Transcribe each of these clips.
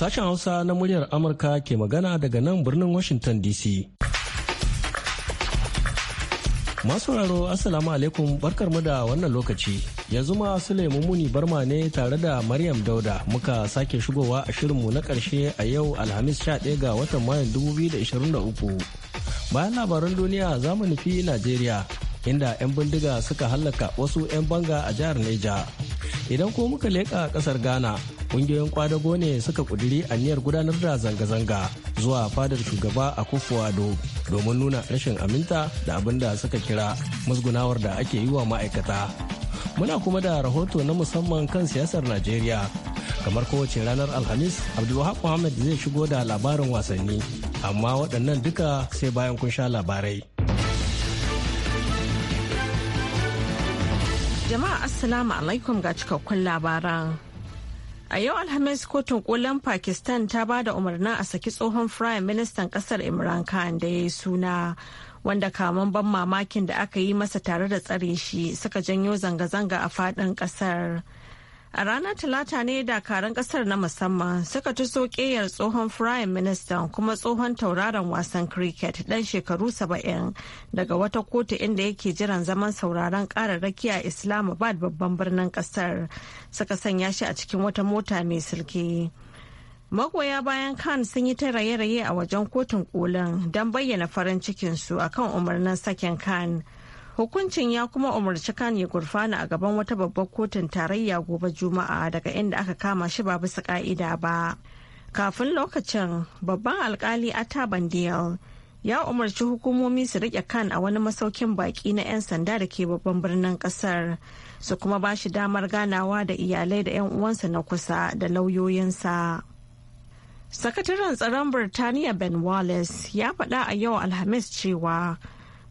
Sashen Hausa na muryar Amurka ke magana daga nan birnin Washington DC. Masu raro, Assalamu alaikum barkar mu da wannan lokaci. yanzu ma Suleiman Muni Barma ne tare da Maryam Dauda muka sake shigowa a shirinmu na ƙarshe a yau Alhamis 11 ga watan Mayun 2023. Bayan labaran duniya za mu nufi Najeriya inda 'yan bindiga suka hallaka wasu 'yan banga a jihar Neja. Idan ko muka leƙa ƙasar Ghana, ƙungiyoyin kwadago ne suka ƙudiri aniyar gudanar da zanga-zanga zuwa fadar shugaba a Kufuwado domin nuna rashin aminta da abin da suka kira musgunawar da ake yi wa ma'aikata. Muna kuma da rahoto na musamman kan siyasar Najeriya. Kamar kowace ranar Alhamis, Abdulwahab Muhammad zai shigo da labarin wasanni, amma waɗannan duka sai bayan kun sha labarai. Jama'a Assalamu alaikum ga cikakkun labaran. A yau Alhamis kotun kolan Pakistan ta ba da umarnin a saki tsohon Firayim Ministan kasar Imran Khan da ya yi suna wanda kamun ban mamakin da aka yi masa tare da tsare shi suka janyo zanga-zanga a faɗin ƙasar. kasar. A ranar Talata ne dakarun kasar na musamman suka ci sokeyar tsohon prime minister kuma tsohon tauraron wasan cricket dan shekaru saba'in daga wata kotu inda yake jiran zaman sauraron kararraki a Islamabad babban birnin kasar suka sanya shi a cikin wata mota mai silke. Magoya bayan Khan sun yi ta raye-raye a wajen kotun kolin don bayyana farin cikinsu akan umarnin sakin Khan. Hukuncin ya kuma umarci kan ya gurfana a gaban wata babbar kotun tarayya gobe Juma'a daga inda aka kama shi ba bisa ka'ida ba. Kafin lokacin babban alkali ata Bandiyal ya umarci hukumomi su rike kan a wani masaukin baki na 'yan sanda da ke babban birnin kasar su kuma ba shi damar ganawa da iyalai da 'yan uwansa na kusa da lauyoyinsa. sakataren tsaron birtaniya ben wallace ya faɗa a yau alhamis cewa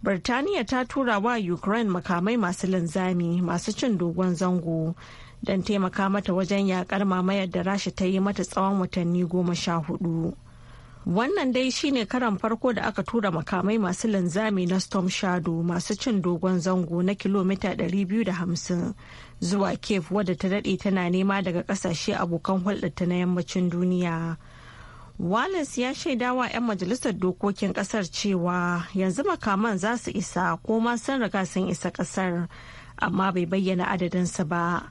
Birtaniya ta tura wa Ukraine makamai masu linzami masu cin dogon zango don taimaka mata wajen yakar mamayar da rasha ta yi mata tsawon watanni goma sha hudu. Wannan dai shine karan farko da aka tura makamai masu linzami na Storm Shadow masu cin dogon zango na kilomita 250 zuwa Cape wadda ta daɗe tana nema daga ƙasashe abokan hulɗarta na yammacin duniya. Wallace ya shaida wa 'yan majalisar dokokin kasar cewa yanzu makaman za su isa ko ma sun riga sun isa kasar amma bai bayyana su ba.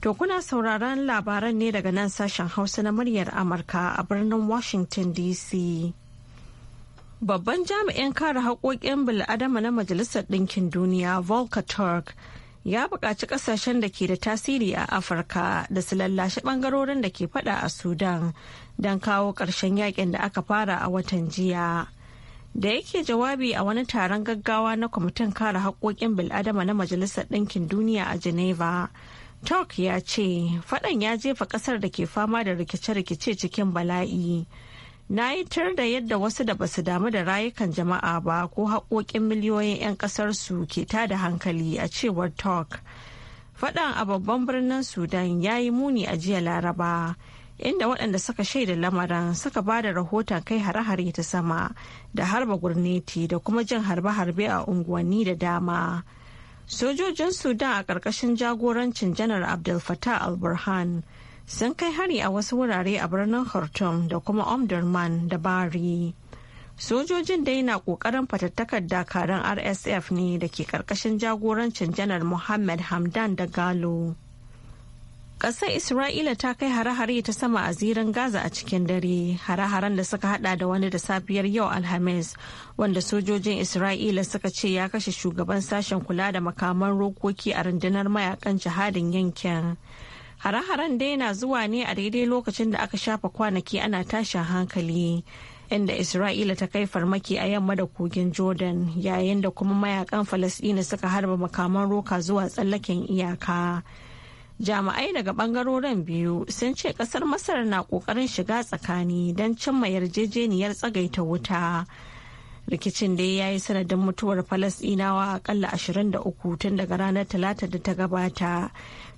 To kuna sauraron labaran ne daga nan sashen Hausa na muryar Amurka a birnin Washington DC. Babban jami'in kare haƙoƙin bil'adama na Majalisar Ɗinkin Duniya Volker Turk ya buƙaci ƙasashen da ke da tasiri a afirka da su lallashi ɓangarorin da ke faɗa a sudan don kawo ƙarshen yakin da aka fara a watan jiya da yake jawabi a wani taron gaggawa na kwamitin kare haƙoƙin bil'adama na majalisar ɗinkin duniya a geneva turk ya ce faɗan ya jefa ƙasar da ke fama da rikice-rikice cikin bala'i. na yi tar da yadda wasu da basu damu da rayukan jama'a ba ko haƙoƙin miliyoyin 'yan ƙasarsu ke ta da hankali a cewar talk faɗan a babban birnin sudan ya yi muni a jiya laraba inda waɗanda suka shaida lamarin suka ba da rahoton kai hare-hare ta sama da harba gurneti da kuma jin harbe-harbe a unguwanni da dama sojojin sudan a ƙarƙashin jagorancin janar abdul fatah al-burhan sun kai hari a wasu wurare a birnin khartoum da kuma omdurman da bari sojojin dai na kokarin fatattakar dakaran rsf ne da ke karkashin jagorancin janar mohammed hamdan da galo ƙasar isra'ila ta kai hare-hare ta sama a zirin gaza a cikin dare hare-haren da suka hada da wani da safiyar yau alhamis wanda sojojin isra'ila suka ce ya kashe shugaban sashen kula da makaman rokoki a rundunar mayakan jihadin yankin Hare-haren dai na zuwa ne a daidai lokacin da aka shafa kwanaki ana tashin hankali. inda Isra'ila ta kai farmaki a yamma da kogin Jordan yayin da kuma mayakan falasdina suka harba makaman roka zuwa tsallaken iyaka. Jami'ai daga bangarorin biyu sun ce kasar Masar na kokarin shiga tsakani don cimma yarjejeniyar tsagaita wuta. rikicin da ya yi sanadin mutuwar falasdinawa akalla 23 tun daga ranar talata da ta gabata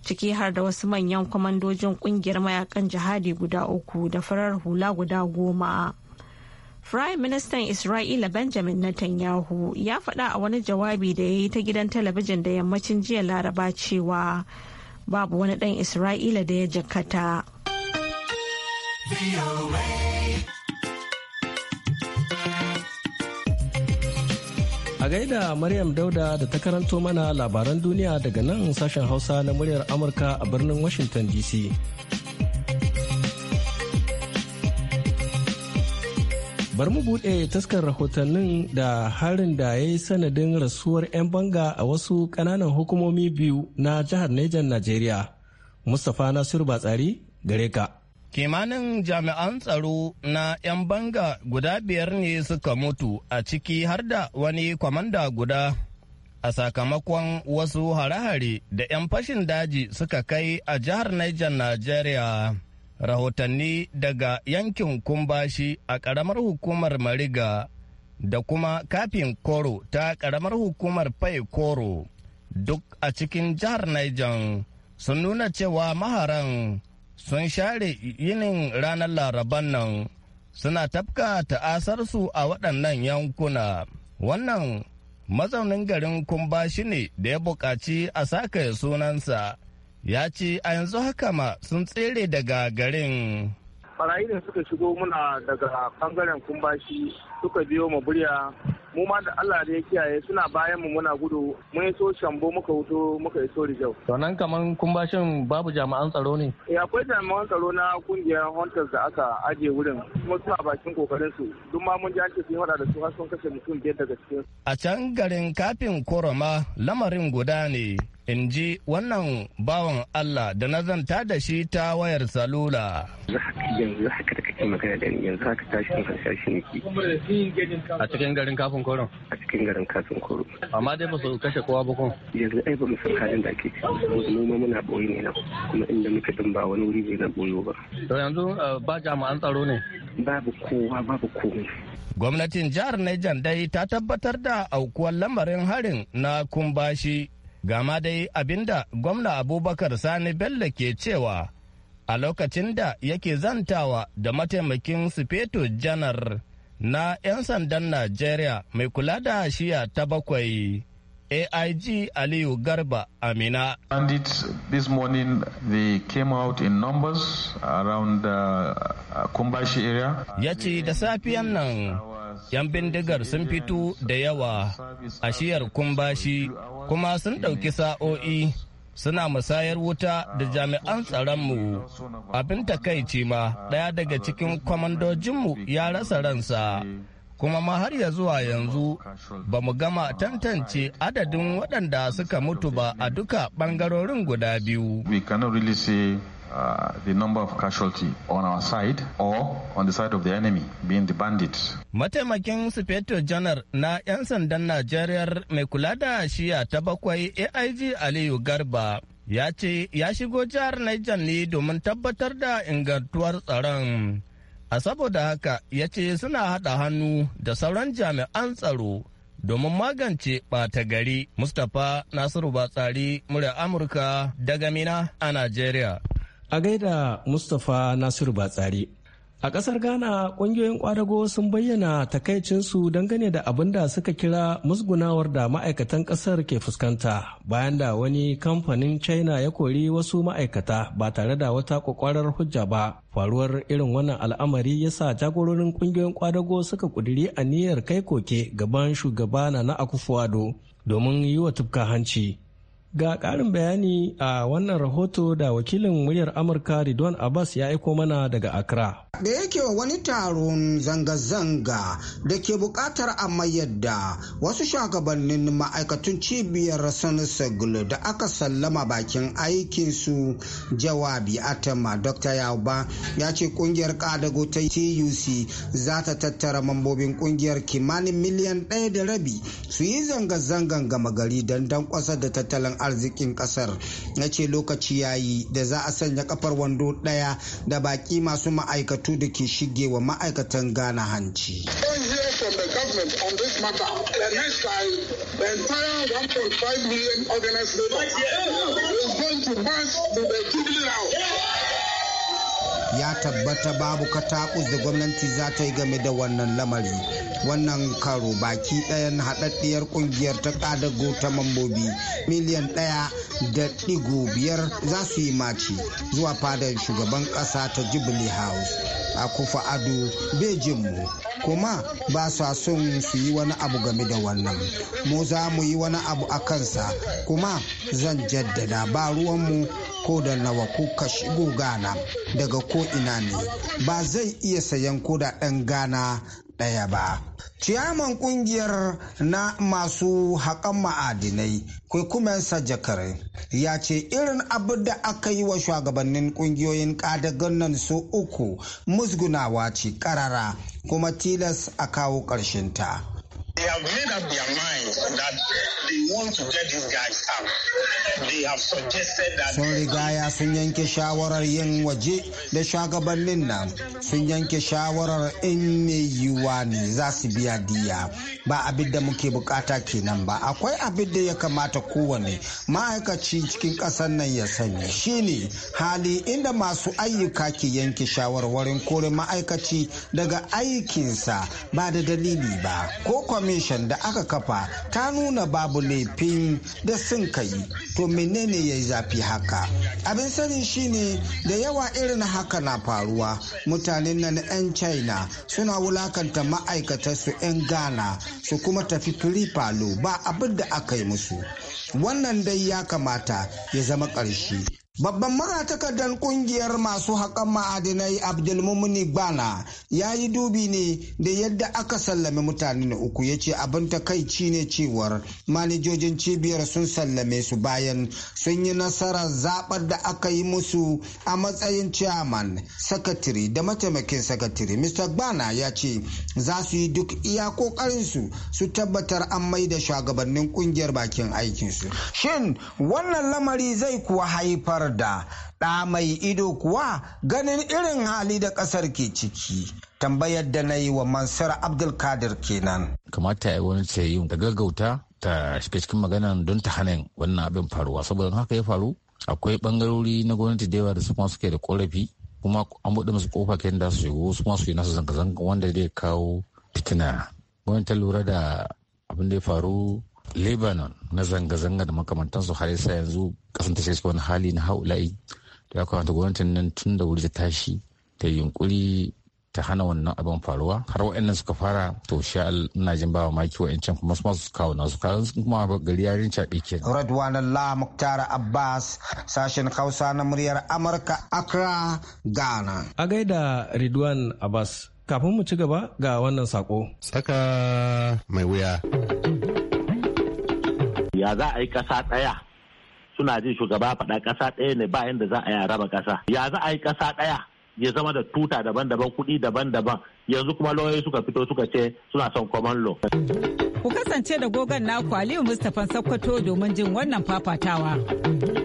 ciki har da wasu manyan kwamandojin kungiyar mayakan jihadi guda uku da farar hula guda goma Prime Ministan Isra'ila Benjamin Netanyahu ya faɗa a wani jawabi da ya yi ta gidan talabijin da yammacin jiya laraba cewa babu wani ɗan Isra'ila da ya jikata A gaida Maryam Dauda da ta karanto mana labaran duniya daga nan sashen Hausa na muryar Amurka a birnin Washington DC. bar mu buɗe taskar rahotannin da harin da ya yi sanadin rasuwar 'yan banga a wasu ƙananan hukumomi biyu na jihar Nijar Najeriya. Mustapha Nasiru Batsari gare ka. Kimanin jami'an tsaro na 'yan banga guda biyar ne suka mutu a ciki har da wani kwamanda guda a sakamakon wasu hare-hare da 'yan fashin daji suka kai a jihar Niger Najeriya. Rahotanni daga yankin Kumbashi a ƙaramar hukumar Mariga da kuma kafin Koro ta ƙaramar hukumar Fai Koro duk a cikin jihar Niger sun nuna cewa maharan sun share yinin ranar laraban nan suna tafka ta'asarsu a waɗannan yankuna wannan mazaunin garin shi ne da ya buƙaci a saka sunansa ya ce a yanzu haka ma sun tsere daga garin barayi da suka shigo muna daga bangaren kumbashi suka biyo mu burya mu ma da Allah da ya kiyaye suna bayan mu muna gudu mun so shambo muka wuto muka iso rijau. To nan kaman kumbashin babu jami'an tsaro ne? Eh akwai jami'an tsaro na kungiyar hunters da aka aje wurin kuma suna bakin kokarin su duk ma mun ji an ce sun da su har sun kashe mutum biyar daga cikin. A can garin kafin koroma lamarin guda ne. in ji wannan bawan Allah da na zanta da shi ta wayar salula. Yanzu haka da kake magana da yanzu haka A cikin garin kafin koron? A cikin garin kafin koron. Amma dai ba su kashe kowa ba kun? Yanzu ai ba san halin da ake ciki saboda mu muna boye ne na. kuma inda muka din ba wani wuri ne na boyo ba. To yanzu eh, ba jami'an tsaro ne? Babu kowa babu komai. Gwamnatin jihar Niger dai ta tabbatar da aukuwar lamarin harin na kumbashi Gama dai abinda gwamna Abubakar Sani Bello ke cewa a lokacin da yake zantawa da mataimakin Sufeto Janar na 'yan sandan Najeriya mai kula da shiya ta bakwai. AIG Aliyu Garba Amina. Bandits this morning they came out in numbers around the uh, Kumbashi area. Ya ce da safiyan nan 'yan bindigar sun fito da yawa a shiyar kumbashi kuma sun ɗauki sa'o'i suna musayar wuta da jami'an tsaronmu abin takaici ma ɗaya daga cikin kwamandojinmu ya rasa ransa kuma ma har ya zuwa yanzu ba mu gama tantance adadin waɗanda suka mutu ba a duka ɓangarorin guda biyu. uh, the number of casualty on our side or on the side of the enemy being the bandits. Mataimakin Sufeto Janar na 'yan sandan Najeriya mai kula da shiya ta bakwai AIG Aliyu Garba ya ce ya shigo jihar Niger ne domin tabbatar da ingantuwar tsaron. A saboda haka ya ce suna haɗa hannu da sauran jami'an tsaro domin magance ɓata gari. Mustapha Nasiru Batsari, murya Amurka daga Mina a Najeriya. A gaida Mustapha Nasiru Batsari. A ƙasar Ghana, ƙungiyoyin ƙwadago sun bayyana takaicinsu dangane da abin da suka kira musgunawar da ma'aikatan ƙasar ke fuskanta bayan da wani kamfanin China ya kori wasu ma'aikata ba tare da wata ƙwaƙwarar hujja ba. Faruwar irin wannan al'amari ya sa jagororin ƙungiyoyin ƙwadago suka ƙudiri aniyar kai koke gaban shugaba na na domin yi wa tufka hanci. Ga ƙarin bayani a wannan rahoto da wakilin muryar Amurka Ridwan Abbas ya aiko mana daga Accra. Da yake wani taron zanga-zanga da ke buƙatar a mayar da wasu shugabannin ma'aikatun cibiyar Sanisagul da aka sallama bakin aikinsu jawabi Atama Dr. Yauba ya ce ƙungiyar ƙadago ta TUC za ta tattara mambobin ƙungiyar kimanin miliyan ɗaya da rabi su yi zanga-zangan gama gari don dankwasar da tattalin arzikin kasar ya ce lokaci yayi da za a sanya kafar wando daya da baki masu ma'aikatu da ke shige wa ma'aikatan ghana hanci million organized labor is going to pass to the kidney now. ya tabbata babu katakus da gwamnati za ta yi game da wannan lamari wannan karo baki ɗayan haɗaɗɗiyar ƙungiyar ta ƙadago ta mambobi miliyan ɗaya da ɗigo biyar za su yi mace zuwa fadar shugaban ƙasa ta jubilee house a kufa ado mu kuma ba sa son su yi wani abu game da wannan mu za mu yi wani abu a kansa kuma zan jaddada ba ruwanmu ko da nawa kuka shigo gana daga ko ina ne ba zai iya sayan ko da ɗan gana ɗaya ba. Ciyaman kungiyar na masu haƙan ma'adinai kwekumensa jakare ya ce irin abin da aka yi wa shugabannin kungiyoyin ƙadagan nan su uku musgunawa ce ƙarara kuma tilas a kawo ƙarshen ta. They have made up their minds that they want to get these guys out. They have suggested that. Sun rigaya sun yanke shawarar yin waje da shugabannin nan sun yanke shawarar in mai yiwuwa ne za su biya diya ba abin da muke bukata kenan ba akwai abin da ya kamata kowane ma'aikaci cikin ƙasar nan ya sani ne hali inda masu ayyuka ke yanke shawarwarin kore ma'aikaci daga aikinsa ba da dalili ba ko kwami kwamishin da aka kafa ta nuna babu laifin da sun kai to menene ya zafi haka abin sanin shine da yawa irin haka na faruwa mutanen nan 'yan china suna wulakanta su 'yan ghana su kuma tafi firifalo ba abin da aka yi musu wannan dai ya kamata ya zama ƙarshe Babban magatakardar kungiyar masu haƙan ma'adinai Abdulmumini Gbana ya yi dubi ne da yadda aka sallame mutane uku ya ce abin takaici ne cewar manijojin cibiyar sun sallame su bayan sun yi nasarar zaɓar da aka yi musu a matsayin chairman, sakatiri da mataimakin sakatiri. Mr. Gbana ya ce za su yi duk iya ƙoƙarinsu su tabbatar an mai da shugabannin kungiyar bakin aikinsu. Shin wannan lamari zai kuwa haifar da ɗa mai ido kuwa ganin irin hali da ƙasar ke ciki tambayar da na yi wa mansur abdulkadir kenan kamata ya wani ce yin gaggauta ta shiga cikin maganan don ta hana wannan abin faruwa saboda haka ya faru akwai bangarori na gwamnati da yawa da su suke da korafi kuma an buɗe musu kofa kayan da su shigo su su yi nasu zanga-zanga wanda zai kawo fitina gwamnati ta lura da abin da ya faru lebanon na zanga-zanga da makamantansu har yasa yanzu kasan ta shiga wani hali na haula'i da ya kamata gwamnatin nan tun da wuri ta tashi ta yunkuri ta hana wannan abin faruwa har wa'annan suka fara to sha ina jin bawa maki wa'ancan kuma su masu kawo nasu kayan kuma gari ya rinca ke Radwan Allah Muktar Abbas sashen Hausa na muryar Amurka Accra Ghana a gaida Ridwan Abbas kafin mu ci gaba ga wannan sako saka mai wuya ya za a yi ƙasa ɗaya suna jin shugaba faɗa ƙasa ɗaya ne ba yadda za a yi a raba ƙasa ya za a yi ƙasa ɗaya ya zama da tuta daban-daban kuɗi daban-daban yanzu kuma lauyoyi suka fito suka ce suna son common law. Ku kasance da gogon naku Aliyu Mustapha Sokoto domin jin wannan fafatawa.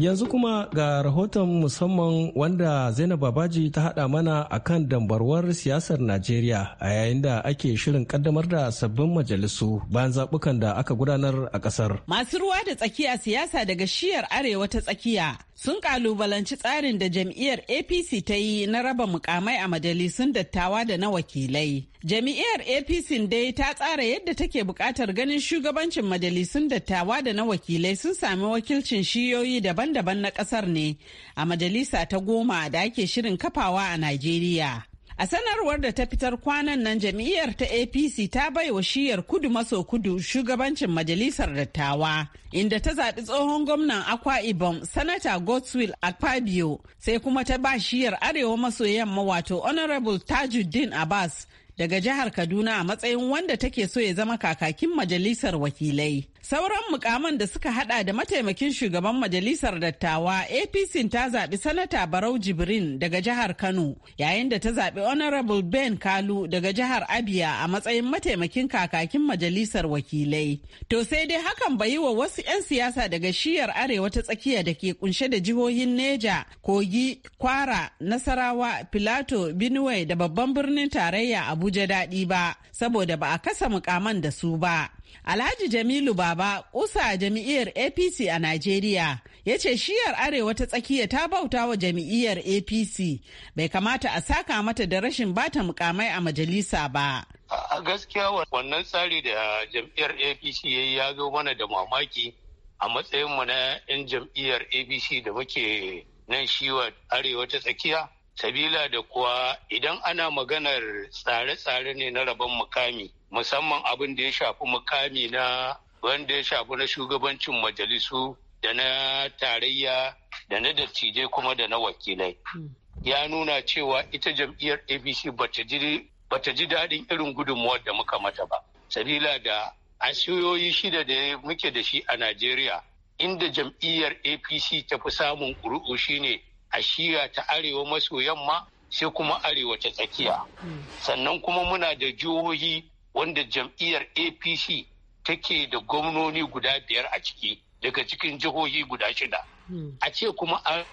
Yanzu kuma ga rahoton musamman wanda Zainab Babaji ta haɗa mana akan dambarwar siyasar Najeriya a yayin da ake shirin kaddamar da sabbin majalisu bayan zaɓukan da aka gudanar a ƙasar. Masu ruwa da tsakiya siyasa daga shiyar arewa ta tsakiya sun kalubalanci tsarin da jam'iyyar APC ta yi na raba mukamai a majalisun dattawa da na wakilai. Jam'iyyar APC dai ta tsara yadda take buƙatar ganin shugabancin majalisun dattawa da na wakilai sun sami wakilcin shiyoyi daban daban-daban na kasar ne a majalisa ta goma da ake shirin kafawa a Najeriya. A sanarwar da ta fitar kwanan nan jam'iyyar ta APC ta baiwa shiyar kudu maso kudu shugabancin majalisar dattawa inda ta zaɓi tsohon gwamnan Akwa Ibom Sanata Godswill Akpabio sai kuma ta ba shiyar arewa maso yamma wato Honorable Tajuddin Abbas daga jihar Kaduna a matsayin wanda take so ya zama kakakin majalisar wakilai. Sauran mukaman da suka hada da mataimakin shugaban majalisar dattawa APC ta zaɓi sanata Barau Jibrin daga jihar Kano yayin da ta zaɓi Honorable Ben Kalu daga jihar Abia a matsayin mataimakin kakakin majalisar wakilai. To sai dai hakan bai yi wa wasu 'yan siyasa daga shiyar arewa ta tsakiya da ke kunshe da jihohin Neja, Kogi, Kwara, Nasarawa, Filato, Benue da babban birnin tarayya Abuja. Abuja daɗi ba saboda ba a kasa mukaman da su ba. Alhaji Jamilu Baba kusa a jami'iyar APC a Najeriya ya ce shiyar arewa ta tsakiya ta bauta wa jami'iyar APC bai kamata a saka mata da rashin bata mukamai a majalisa ba. A gaskiya wannan tsari da jam'iyyar APC ya yi ya zo mana da mamaki a matsayinmu na 'yan jam'iyyar APC da muke nan shiwa arewa ta tsakiya sabila da kuwa idan ana maganar tsare-tsare ne na rabon mukami musamman abin da ya shafi mukami na wanda ya shafi na shugabancin majalisu da na tarayya da na dattijai kuma da na wakilai ya nuna cewa ita jam'iyyar apc ta ji daɗin irin gudunmuwar da muka mata ba sabila da asiyoyi shida da muke da shi a najeriya inda jam'iyyar apc ta fi samun ƙuri'u shine a shiya ta arewa maso yamma sai kuma arewa ta tsakiya sannan kuma muna da jihohi wanda jam'iyyar apc take da gwamnoni guda biyar a ciki daga cikin jihohi guda shida a ce kuma an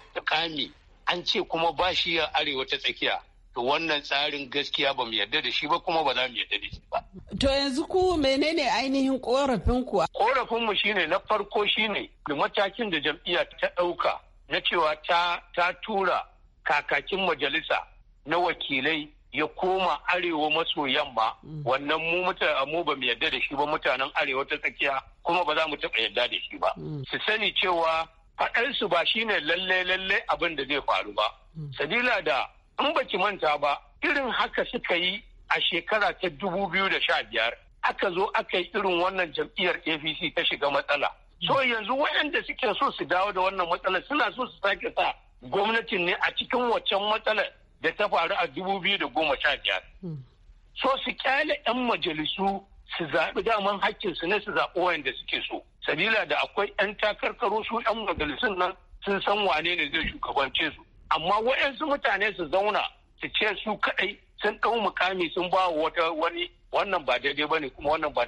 an ce kuma ba shi arewa ta tsakiya to wannan tsarin gaskiya ba mu yarda da shi ba kuma ba za mu yarda da shi ba. To yanzu ku menene ainihin korafin ku? Korafin mu shine na farko shine da matakin da jam'iyya ta ɗauka na cewa ta, tura kakakin majalisa na wakilai ya koma arewa maso yamma mm. wannan mu mu ba mu yarda da shi ba mutanen arewa ta tsakiya kuma ba za mu taɓa yarda da shi ba mm. su sani cewa faɗarsu ba shine lalle lalle abin da zai faru ba mm. sabila da in baki manta ba irin haka suka yi a shekara ta dubu biyu da sha biyar aka zo aka yi irin wannan jam'iyyar apc ta shiga matsala so yanzu waɗanda suke so su dawo da wannan matsalar suna so su sake sa gwamnatin ne a cikin waccan matsalar da ta faru a dubu biyu da goma sha biyar hmm. so su kyale 'yan majalisu su zaɓi daman su ne su zaɓi wayanda suke so sabila da akwai 'yan takarkaro su 'yan majalisun nan sun san wane ne zai shugabance su amma waɗansu mutane su zauna su ce su kaɗai sun ɗau mukami sun ba wata wani wannan ba daidai ne kuma wannan ba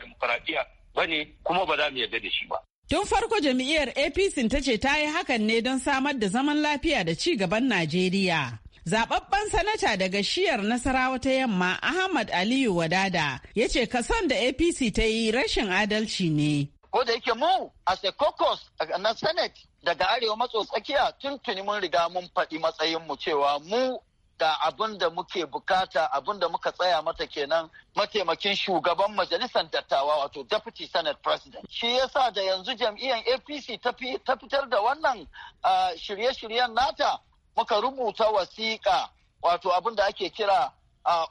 ba ne kuma ba za mu yarda da shi ba Tun farko jam'iyyar APC ta ce ta yi hakan ne don samar da zaman lafiya da ci gaban Najeriya. Zababben sanata daga shiyar Nasarawa ta yamma Ahmad Aliyu Wadada ya ce kason da APC ta yi rashin adalci ne. Ko da yake mu a caucus na Senate daga arewa matso tsakiya tun tuni mun riga mun faɗi matsayinmu cewa mu Da abin da muke bukata abin da muka tsaya mata kenan mataimakin shugaban majalisar dattawa wato deputy senate president shi yasa da yanzu jam'iyyar apc ta fitar da wannan shirye-shiryen nata muka rubuta wasiƙa wato abin da ake kira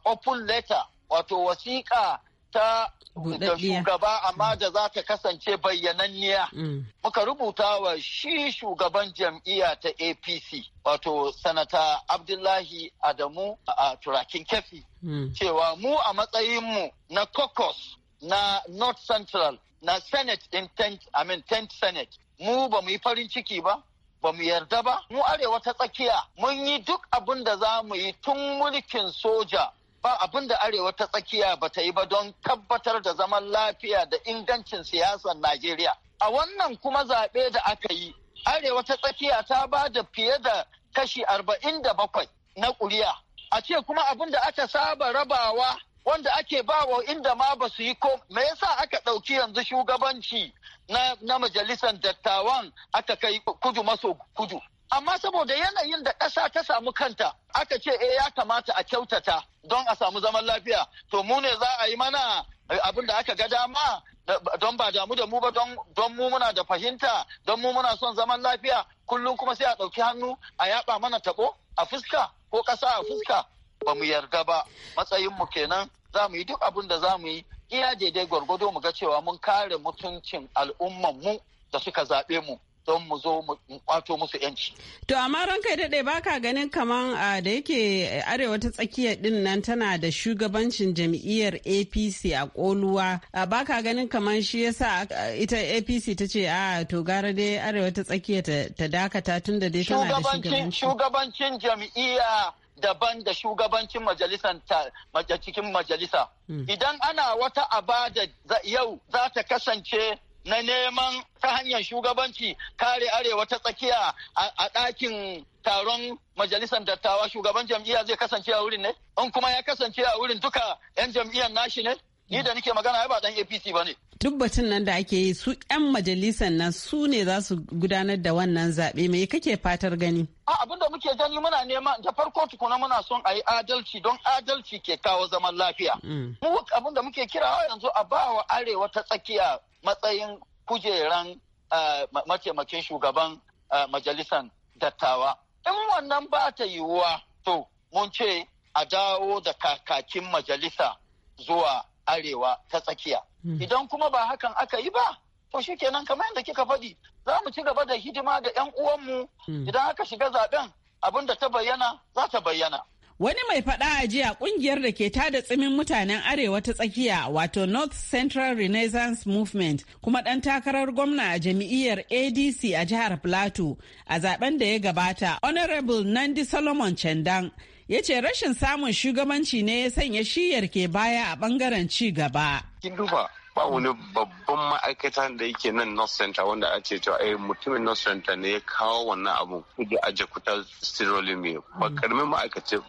open letter wato wasiƙa ta da shugaba amma mm. da za ta kasance bayyananniya. Mm. Muka rubuta wa shi shugaban jam'iyya ta APC wato sanata Abdullahi Adamu a turakin kefi. Mm. Cewa mu a matsayinmu na caucus na North Central na Senate in tent, I mean tent Senate. Mu ba mu yi farin ciki ba, ba mu yarda ba. Mu arewa ta tsakiya mun yi duk abin da za mu yi tun mulkin soja ba abin da arewa ta tsakiya ba ta yi ba don tabbatar da zaman lafiya da ingancin siyasar Najeriya. A wannan kuma zaɓe da aka yi, arewa ta tsakiya ta ba da fiye da kashi arba'in da bakwai na ƙuri'a. A ce kuma abin da aka saba rabawa wanda ake bawa inda ma ba su yi ko me yasa aka ɗauki yanzu shugabanci na, na majalisar dattawan aka kai kudu maso kudu amma saboda yanayin da ƙasa ta samu kanta aka ce eh ya kamata a kyautata don a samu zaman lafiya to mu ne za a yi mana eh, abin da aka ga dama don ba damu da mu ba don mu muna da fahimta don mu muna son zaman lafiya kullum kuma sai a ɗauki hannu a yaɓa mana taɓo a fuska ko ƙasa a fuska ba mu yarda ba matsayinmu kenan za mu yi duk abin da za mu yi iya daidai gwargwado mu ga cewa mun kare mutuncin al'umman mu da suka zaɓe mu don mu zo mu kwato musu yanci. To amma ranka daɗe baka ganin kaman ah, da yake arewa ta tsakiyar din nan tana da shugabancin jam'iyyar APC a koluwa ah, baka ganin kaman shi yasa ah, ita APC ta ce a to gara dai arewa ta tsakiyar ta dakata tun da dai tana da shugabancin. Shugabancin jam'iyya daban da shugabancin majalisan cikin majalisa. Hmm. Idan ana wata abada yau za ta kasance na neman ta hanyar shugabanci kare arewa ta tsakiya a ɗakin taron majalisar dattawa shugaban jam'iyya zai kasance a wurin ne in kuma ya kasance a wurin duka 'yan jam'iyyar nashi ne ni da nike magana ba dan apc ba ne duk batun nan da ake yi su 'yan majalisar nan su ne za su gudanar da wannan zaɓe mai kake fatar gani? A abin da muke gani muna nema da farko tukuna muna son a yi adalci don adalci ke kawo zaman lafiya. Mm. Mu abin da muke kira yanzu a ba wa arewa ta tsakiya matsayin kujeran mataimakin shugaban majalisar dattawa. In wannan ba ta yiwuwa to mun ce a dawo da kakakin majalisa zuwa arewa ta tsakiya. Hmm. Idan kuma ba hakan aka yi ba, to shi kenan kamar yadda kika faɗi za mu ci gaba da hidima ga 'yan uwanmu hmm. idan aka shiga zaben abin da ta bayyana za ta bayyana. Wani mai faɗa a jiya ƙungiyar da ke tada tsimin mutanen Arewa ta tsakiya wato North Central Renaissance Movement kuma ɗan takarar gwamna a jami'iyyar ADC a jihar Plateau a zaben da ya gabata Honorable Nandi Solomon Chandan, ya ce rashin samun shugabanci ne ya sanya shiyar ke baya a ɓangaren ci gaba. ba wani babban ma'aikatan da yake nan north center wanda a ce cewa ai eh, mutumin north center ne ya kawo wannan abu da a jakuta sirolimi ba mm. karamin ma'aikata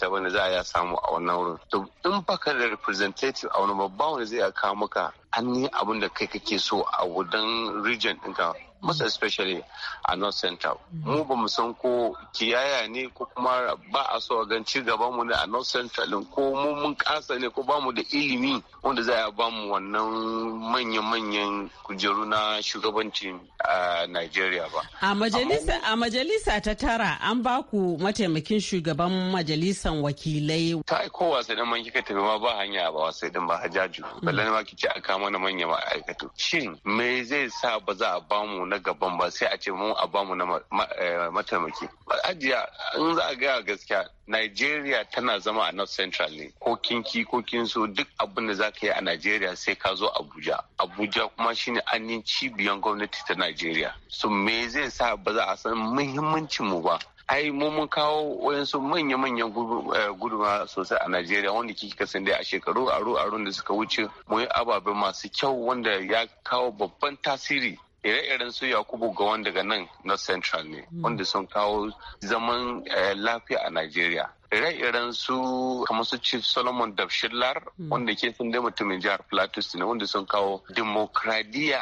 ba bane za a ya samu a wannan wurin to in baka da representative a wani babban wanda zai kawo maka an yi abin da kai kake so a wudan region ɗinka most especially a north central mm. mu ba mu san ko kiyaya ne ko kuma ba a so a gan ci gaban mu ne a north central ko mu mun kasa ne ko ba mu da ilimi wanda za a ba mu wannan manyan-manyan kujeru na shugabancin a nigeria ba a majalisa a majalisa ta tara an ba ku mataimakin shugaban majalisan wakilai ta ko wasannin man kika tafi ma ba hanya ba wasannin ba hajaju mm. balle ma kici aka mana manya ma'aikatu shin me zai sa ba za a ba mu na na gaban ba sai a ce mu a bamu na eh, mataimaki ajiya in za a gaya gaskiya Nigeria tana zama a North Central ne ko kinki ko kinso duk abin da za ka yi a Nigeria sai ka zo Abuja. Abuja kuma shine ainihin cibiyan gwamnati ta Nigeria. So me zai sa ba za a san muhimmancin mu ba ai mu mun kawo wayansu manya-manyan eh, guduma sosai a Najeriya wanda kika kasan a shekaru aro aron da suka wuce mu yi ababe masu kyau wanda ya kawo babban tasiri ire-iren su yakubu ga wanda daga nan north central ne hmm. wanda sun kawo zaman eh, lafiya a nigeria ire-iren su kamar su chief solomon dabshillar hmm. wanda ke sun dai mutumin jihar plateau ne wanda sun kawo dimokradiyya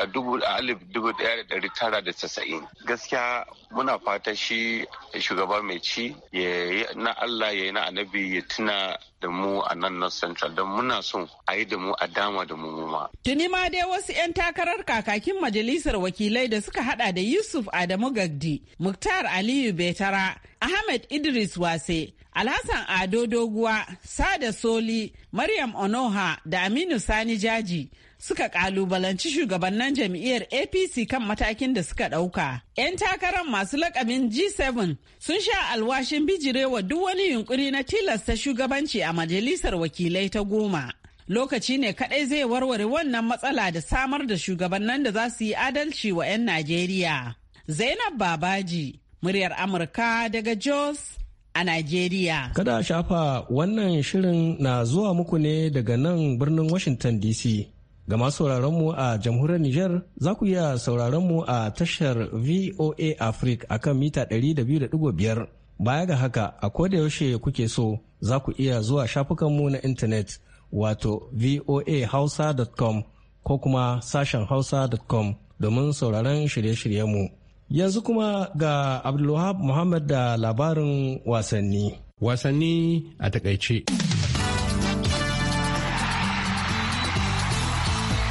a dubu alif dubu daya da dari tara da tasa'in gaskiya muna fata shi shugaba mai ci ya na allah ya yi na annabi ya tuna da mu a nan north central don muna son a yi da mu a dama da mu ma. tuni ma dai wasu 'yan takarar kakakin majalisar wakilai da suka hada da yusuf adamu gagdi muktar aliyu betara Ahmed Idris Wase, Alhassan Ado Doguwa, Sada Soli, Maryam Onoha da Aminu Sani Jaji suka kalubalanci shugabannin jam'iyyar APC kan matakin da suka ɗauka. 'Yan takarar masu lakabin G7 sun sha alwashin bijirewa duk wani yunkuri na tilasta shugabanci a majalisar wakilai ta goma. Lokaci ne kaɗai zai warware wannan matsala da samar da shugabannin da za su yi adalci wa 'yan Najeriya. Zainab Babaji. muryar Amurka daga Jos a nigeria. Kada shafa wannan shirin na zuwa muku ne daga nan birnin Washington DC. Ga masu mu a jamhuriyar niger za ku iya mu a tashar VOA Africa a kan mita 200.5. Baya ga haka a yaushe kuke so za ku iya zuwa shafukanmu na intanet wato voahausa.com ko kuma sashen hausa.com domin sauraron shirye-shiryenmu. Yanzu kuma ga Abdulwahab Muhammad da labarin wasanni. Wasanni a takaice.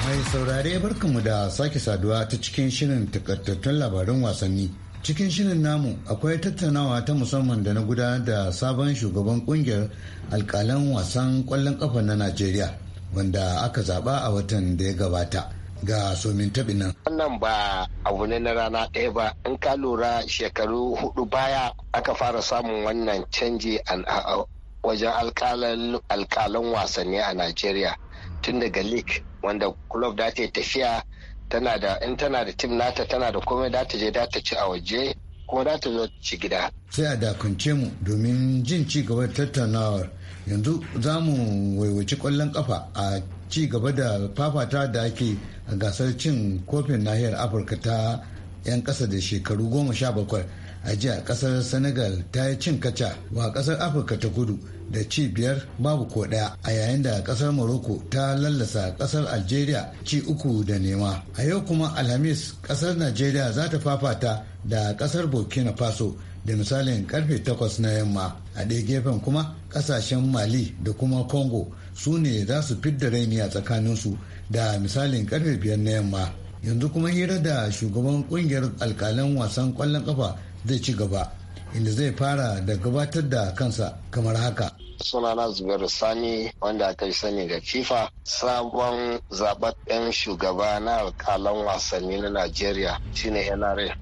Mai saurare barkanmu da sake saduwa ta cikin shirin takaitattun labarin wasanni. Cikin shirin namu akwai tattaunawa ta musamman da na gudanar da sabon shugaban kungiyar alkalan wasan kwallon kafa na Najeriya wanda aka zaba a watan da ya gabata. ga somin taɓi nan. Wannan ba abu ne na rana ɗaya ba in ka lura shekaru hudu baya aka fara samun wannan canji a wajen alkalan wasanni a Najeriya tun daga league wanda club da ta tafiya tana da in tana da tim nata tana da komai da ta je da ta ci a waje kuma da ta zo ci gida. Sai a dakunce mu domin jin ci gaba tattaunawar yanzu za mu waiwaci kwallon kafa a ci gaba da fafata da ake a gasar cin kofin nahiyar afirka ta 'yan ƙasa da shekaru goma sha bakwai a jiya ƙasar senegal ta yi cin kaca wa ƙasar afirka ta kudu da ci biyar babu ko ɗaya a yayin da ƙasar morocco ta lallasa ƙasar algeria ci uku da nema a yau kuma alhamis ƙasar nigeria za ta fafata da ƙasar burkina faso da misalin karfe 8 na yamma a ɗaya gefen kuma ƙasashen mali da kuma congo su ne za su fidda raini a tsakaninsu da misalin karfe biyar na yamma yanzu kuma hira da shugaban kungiyar alkalan wasan kwallon kafa zai ci gaba inda zai fara da gabatar da kansa kamar haka sunana zubar sani wanda aka yi sani ga fifa sabon yan shugaba na alkalan wasanni na najeriya shine nra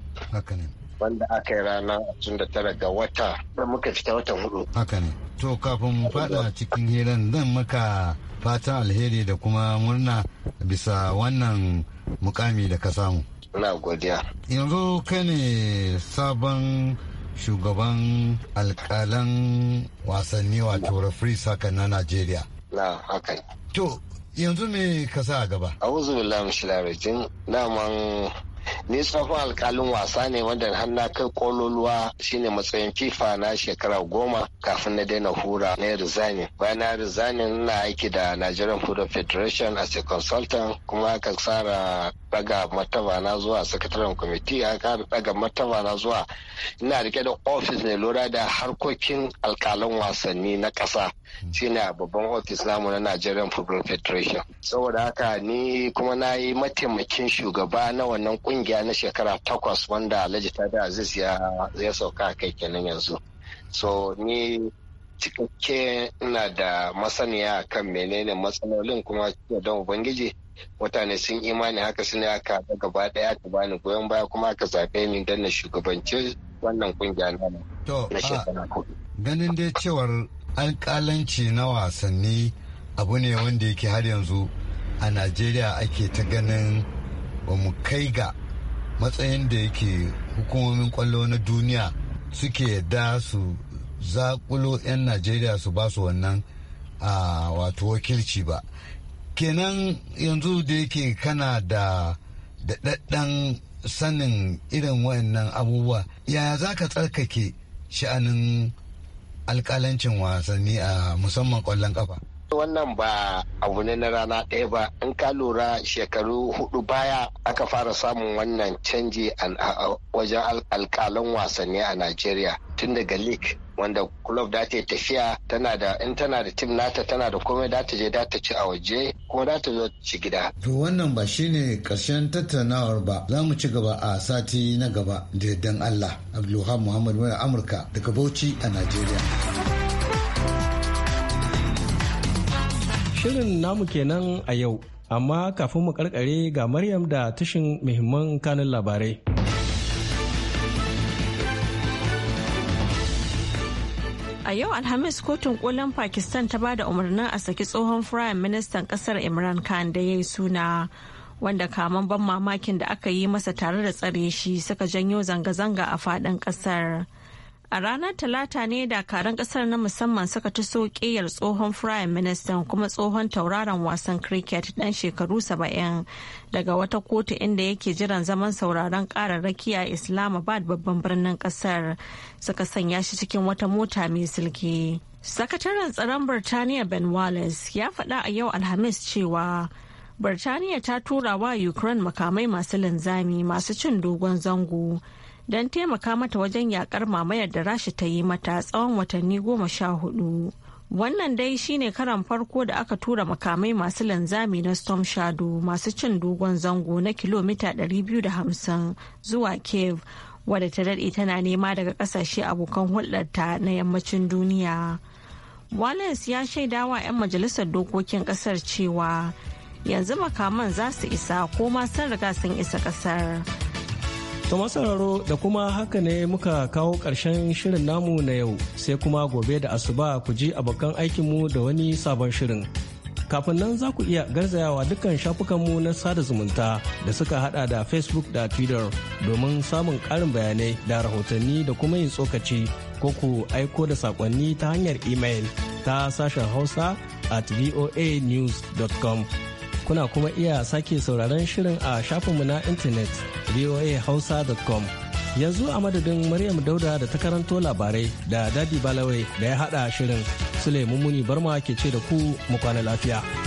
wanda aka yi rana 29 ga wata da muka fita watan hudu to kafin mu fada cikin hiran zan maka fatan alheri da kuma murna bisa wannan mukami da ka samu. Na godiya. Yanzu kai ne sabon shugaban alkalan wasanni wato referee saka na Najeriya. Na haka. To yanzu me ka sa a gaba? A wuzu billahi mishilarajin naman ni tsohon alkalin wasa ne wanda har na kai kololuwa shine matsayin fifa na shekara goma kafin na daina hura na rizani bayan na rizani na aiki da nigerian football federation as a consultant kuma aka tsara daga martaba na zuwa sakataren kwamiti ya kara daga martaba na zuwa ina rike da ofis ne lura da harkokin alkalan wasanni na kasa shine a babban ofis namu na Nigerian Football Federation saboda haka ni kuma na yi mataimakin shugaba na wannan kungiya na shekara takwas wanda Alhaji Tada Aziz ya sauka kai kenan yanzu so ni cikakke na da masaniya kan menene matsalolin kuma don ubangiji mutane sun imani haka suna aka gaba daya ka bani goyon baya kuma aka zaɓe ni don na shugabanci wannan kungiya na na ganin dai cewar alƙalanci na wasanni abu ne wanda yake har yanzu a najeriya ake ta ganin ba mu kai ga matsayin da yake hukumomin kwallo na duniya suke yadda su zakulo 'yan najeriya su ba su wannan wato wakilci ba kenan yanzu da yake kana da daɗaɗɗen sanin irin wayannan abubuwa yaya za ka tsarkake sha'anin alkalancin wasanni a musamman ƙwallon ƙafa wannan ba abu ne na rana ɗaya ba in ka lura shekaru hudu baya aka fara samun wannan canji a wajen alkalan wasanni a najeriya tun daga league wanda club da ta tafiya tana da in tana da tim nata tana da komai da ta je da ta ci a waje kuma da ta zo ci gida. To wannan ba shine karshen tattaunawar ba za mu ci gaba a sati na gaba da yardan Allah. Abdulluhan Muhammad wani Amurka daga Bauchi a Najeriya. Shirin namu kenan a yau amma kafin mu karkare ga Maryam da tashin muhimman kanin labarai. A yau Alhamis kotun kolin Pakistan ta bada umarnin a saki tsohon firayim ministan kasar Imran Khan da ya yi suna wanda kaman ban mamakin da aka yi masa tare da tsare shi suka janyo zanga-zanga a faɗin ƙasar. kasar. A ranar Talata ne dakaran kasar na musamman suka ci so tsohon Firayim Ministan kuma tsohon tauraron wasan cricket dan shekaru saba'in daga wata kotu inda yake jiran zaman sauraron ƙararraki a Islamabad babban birnin kasar suka sanya shi cikin wata mota mai silke. Sakataren tsaron Birtaniya Ben Wallace ya faɗa a yau Alhamis cewa Birtaniya ta tura wa Ukraine makamai masu linzami masu cin dogon zango. don taimaka mata wajen yakar mamayar da rasha ta yi mata tsawon watanni goma sha hudu wannan dai shine karan farko da aka tura makamai masu linzami na storm shadow masu cin dogon zango na kilomita 250 zuwa cave wadda ta daɗe tana nema daga ƙasashe abokan hulɗarta na yammacin duniya wallace ya shaida wa 'yan majalisar dokokin ƙasar cewa yanzu makaman za su isa ko ma sun riga sun isa ƙasar. To masararo da kuma haka ne muka kawo ƙarshen shirin namu na yau sai kuma gobe da asuba ku ji abokan aikinmu da wani sabon shirin. Kafin nan za ku iya garzayawa dukkan shafukanmu na sada zumunta da suka hada da Facebook da Twitter domin samun ƙarin bayanai da rahotanni da kuma yin tsokaci ko ku aiko da saƙonni ta hanyar email ta sashen Hausa at voanews.com. Kuna kuma iya sake sauraron shirin a shafinmu na intanet voahausa.com. Yanzu a madadin Maryam Dauda da ta karanto labarai da Dadi Balawai da ya haɗa shirin Sule Mummuni Barma ke ce da ku mu kwana lafiya.